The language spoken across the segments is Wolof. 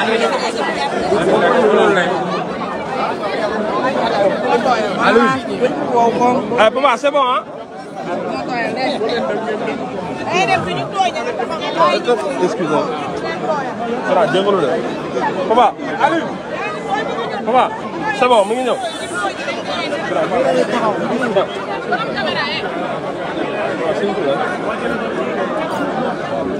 Allô eh, Papa c'est bon hein Excuse-moi. Voilà, déggoo la. Papa, allô Papa, c'est bon, mu ngi ñëw.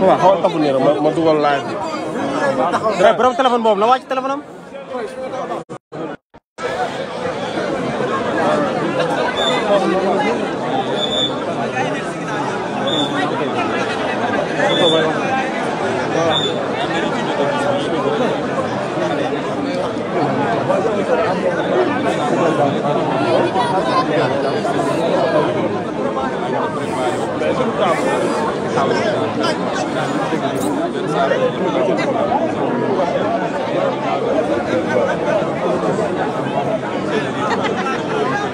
Papa, xaw a tafu nii rek ma dugal live bi. borom téléphone boobu la wàcc téléphone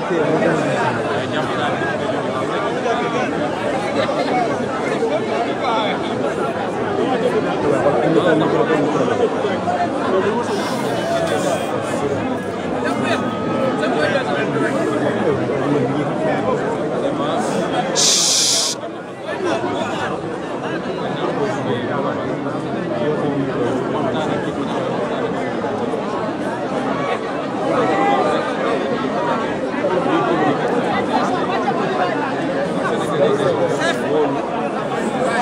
Gracias.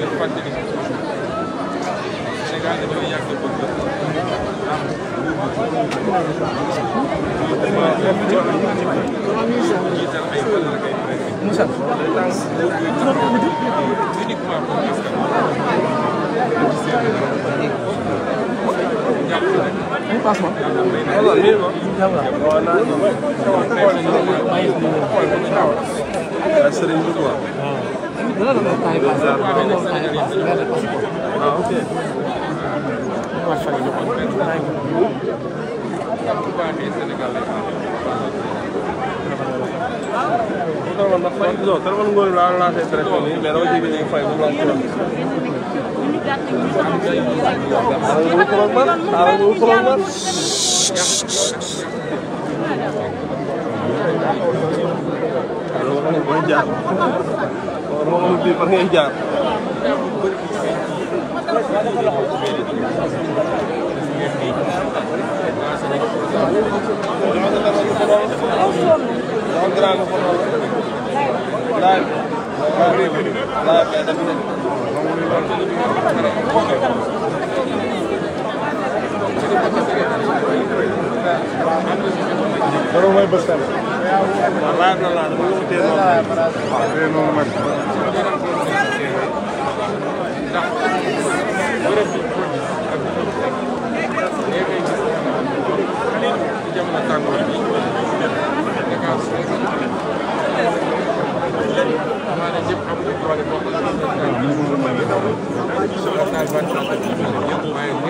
ngeen fàttali Sénégal dafa yàgg bëgg am jiital ay valeur ak ay principe uniquement pour askan wi. No, no, no, Thai passport. I know Thai passport. Ghana passport. Oh, okay. What's for you? you. Tara man ngol la la se tre kon moom moom lii fan ngeen jaar. Live. Live. Dorumay Bastan. Thank you.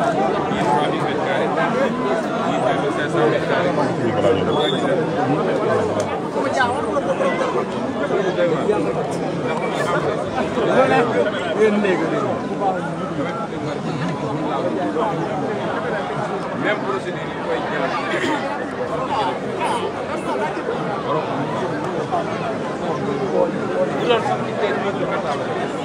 yii 318 carrés yii 500 carrés même procédure yi koy jëlaat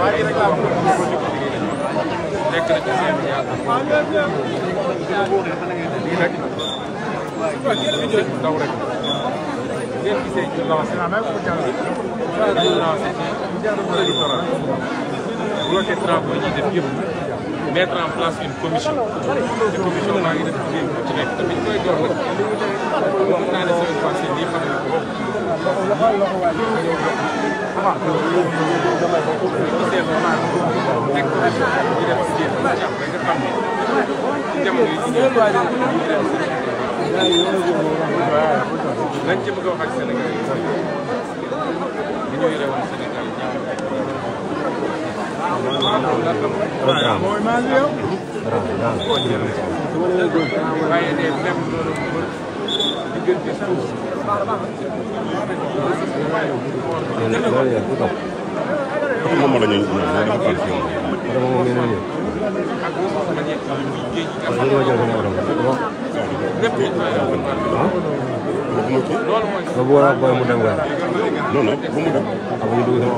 waaw daw rek ngeen gisee ci lancé lancé ci littoral bloqué travaux yi def yëpp mettre en place une commission te commission baa ngi def liggéey bu ci nekk tamit koy jox nag wax naa ne semaine passée lii xam nañ ko bu dee ba maanaam nekk na ci ñu def ci yéen nga xam ne jamono yi ñu def lañ ci bëgg a wax ak Sénégal yi ñu ñu yore woon Sénégal ñaaw waaye de même loolu diggante sax moom la war a booy mu dem waaye. non non bu mu dem. mu dugg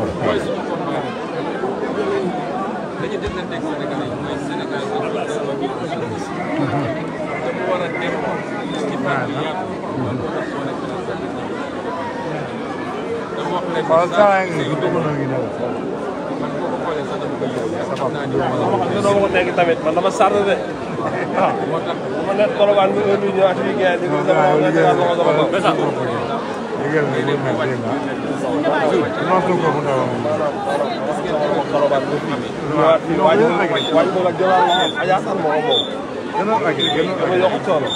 Palestijn. doon ko teggi tamit man dama sàrde de. ah ma nekk kolobaan bi heure bii ñu wax fii gerte gi. waaw liggéeyal ko waaw waaw liggéeyal ko waaw liggéeyal ko waaw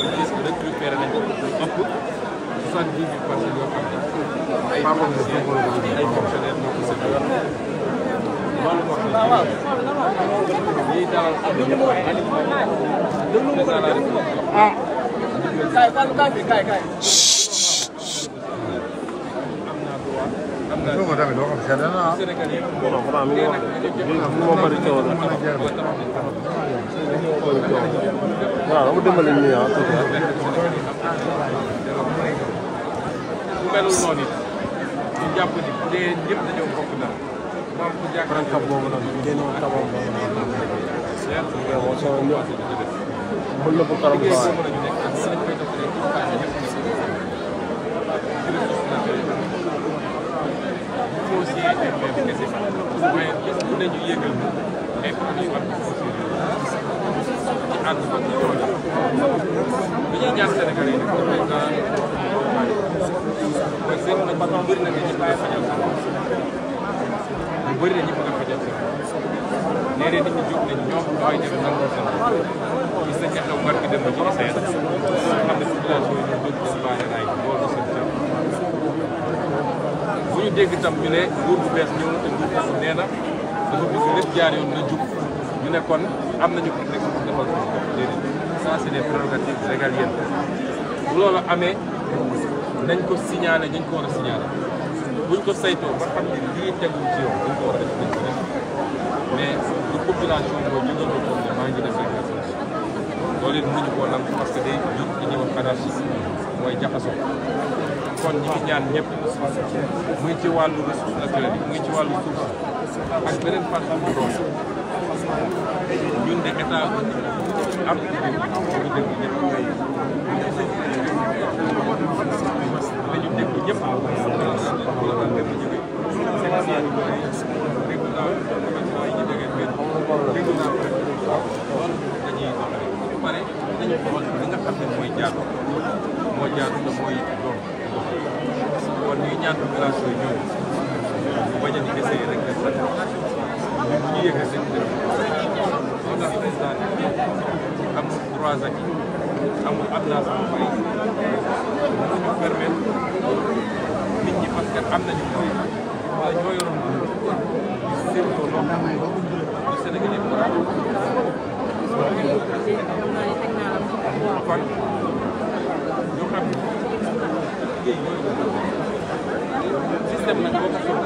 waaw soixante-dix mille personnes yoo xam ne ay ay fonctionnaires ñoo ko séddale loolu moo tax ñuy dalal président la République kay kay am naa droit am naa droit Sénégal yëpp moo bëri coow la waaw dama dimbali nii ah melul noonu it ñu jàpp ni bu dee ñëpp dañoo bokk dara moom ku jàpp ren tab boobu nag génnoon tabam boobu moom soo ñëw mën na ko karam sawaay dañu yëgal ay produits am ci ànd ak ñooñu bi ñuy ñaan Sénégalais yi dégg nañ patron bëri na nga ñu bàyyi fajal ko ñu ñu bëgg a fajal ko léeg-léeg bu ñu dégg tam ñu ne nguur bu bees ñëw na te nguur boobu nee na dafa bëgg lépp jaar yoon na jub ñu ne kon am nañu ko nekk pour defal ko léegi ça c'est loolu amee nañ ko signalé dañ ko war a signalé buñ ko saytoo ba xam ne lii tegul ci dañ ko war a def dañ ko def mais du population boobu ñu ko ne maa ngi def rek loolu it mënuñu koo parce que day mooy jaxasoo kon ñi ngi ñaan ñëpp muy ci wàllu ressources naturelles yi muy ci wàllu suuf ak beneen fànn bu doon ñun de état am ci biir bu dëgg ñëpp dañuy xool li nga xam ne mooy jaadu moo jaadu te mooy doom kon ñuy ñaan population yi ñëw ñu bañ a di kese rek def rek ñun ñu yëg rek def moo tax président amul trois ans amul am naa sama fay ñu permettre te xam nañu mooy waaye ñoo yoroon seen ko loo xam ne du Sénégal yi war a kon ñu xam ne liggéey yooyu système nañ ko